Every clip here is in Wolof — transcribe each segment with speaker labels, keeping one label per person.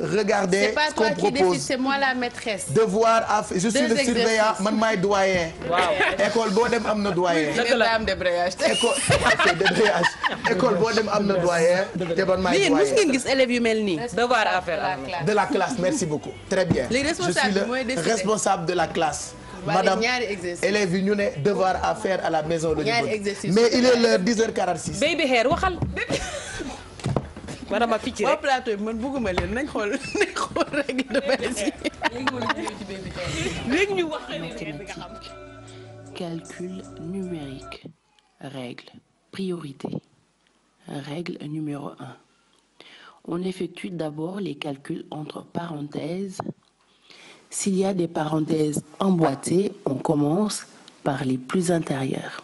Speaker 1: regarder ce qu'on propose
Speaker 2: c'est moi la maîtresse.
Speaker 1: devoir à je suis le surveillant man maay doyen. école boo dem am na doyen. école boo dem am na doyen. te man maay doyen mais mos ngeen gis élèves yu mel nii. devoir à faire de la classe merci beaucoup. très bien je suis le responsable de la classe. madame élèves yi ñu ne devoir à faire à la maison de mais il est l'heure 10h46.
Speaker 2: baby hair waxal.
Speaker 1: war a ma picc rek plateau
Speaker 2: bi man bëgguma leen nañ calcul numérique règle priorité règle numéro on effectue d'abord les calculs entre parenthèses s'il y a des parenthèses emboîtées on commence par les plus intérieures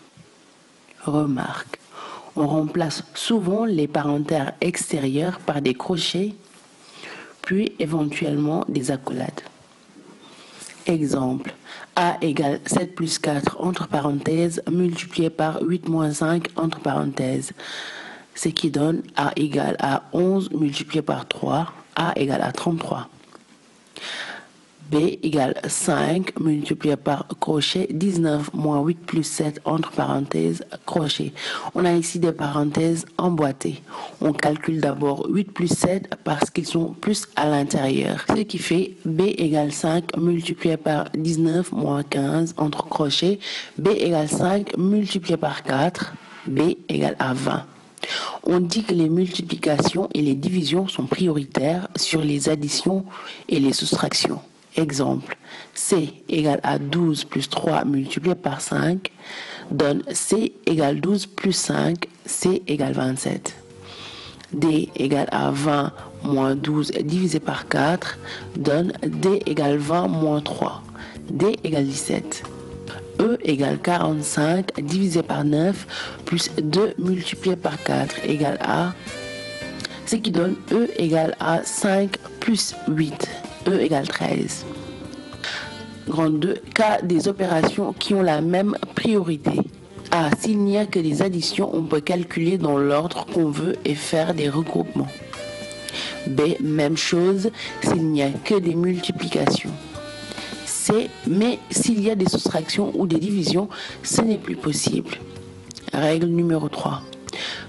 Speaker 2: on remplace souvent les parentaires extérieurs par des crochets, puis éventuellement des accolades. Exemple, A égale 7 plus 4 entre parenthèses multiplié par 8 moins 5 entre ce qui donne A égale à 11 multiplié par 3, A égale à B égale 5 multiplié par crochet 19 moins 8 plus 7 entre parenthèses crochet. On a ici des parenthèses emboîtées. On calcule d'abord 8 plus 7 parce qu'ils sont plus à l'intérieur. Ce qui fait B égale 5 multiplié par 19 moins 15 entre crochets. B égale 5 par 4. B égale à 20. On dit que les multiplications et les divisions sont prioritaires sur les additions et les soustractions. Exemple, C égale à 12 par 5 donne C égale plus C égale 27. D égale à 20 moins 12 divisé par 4 donne D égale 20 moins 3. D égale 17. E égale 45 divisé par 9 plus 2 multiplié par 4 égale à ce qui donne E égale à 5 plus 8. E égale 13. Grande 2, cas des opérations qui ont la même priorité. A, s'il n'y a que des additions, on peut calculer dans l'ordre qu'on veut et faire des regroupements. B, même chose, s'il n'y a que des multiplications. C, mais s'il y a des soustractions ou des divisions, ce n'est plus possible. Règle numéro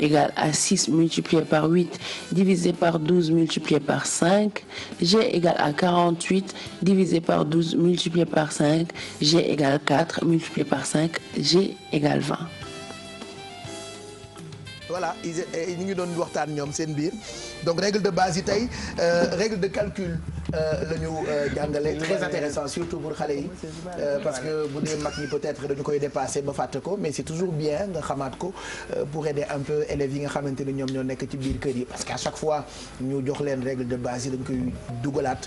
Speaker 2: égale à 6 multiplié par 8 divisé par 12 multiplié par 5. G égale à 48 divisé par 12 multiplié par cinq G égale quatre multiplié par cinq G égale 20.
Speaker 1: voilà eh, ñu ngi doon waxtaan ñoom seen biir donc règle de base yi tey euh, règle de calcul euh, la ñu euh, jàngale très intéressant surtout pour xale yi parce que bu dee mag ñi peut-être dañu koy dépasser ba fàtte ko mais c'est toujours bien nga xamaat ko pour aider un peu élèves yi nga xamante ni ñoom ñoo nekk ci biir kër yi parce que à chaque fois ñu jox leen règle de base yi dañ koy dugalaat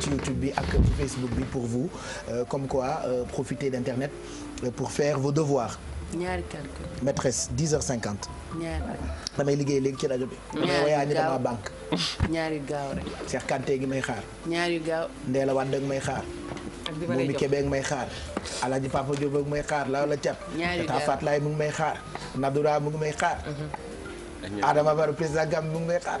Speaker 1: ci YouTube bi ak ci Facebook bi pour vous comme quoi profiter d'internet pour faire vos devoirs
Speaker 2: ñaari calcul.
Speaker 1: maîtresse 10h50. ñaari damay liggéey léegi ci rajo bi. damay woyaa ni dama banque. ñaari gaaw rek. Cheikh gi may xaar. ñaari gaaw. Ndéla Wade ak may xaar.
Speaker 2: ak di Momi Kébé ak
Speaker 1: may xaar. Alaaji Papa Diop ak may xaar Lawla Thiam. ñaari gaaw Fatou Laye mu may xaar. Nadoura mu ngi may xaar. Mhm. Adama Barrow président Gambie mu may xaar.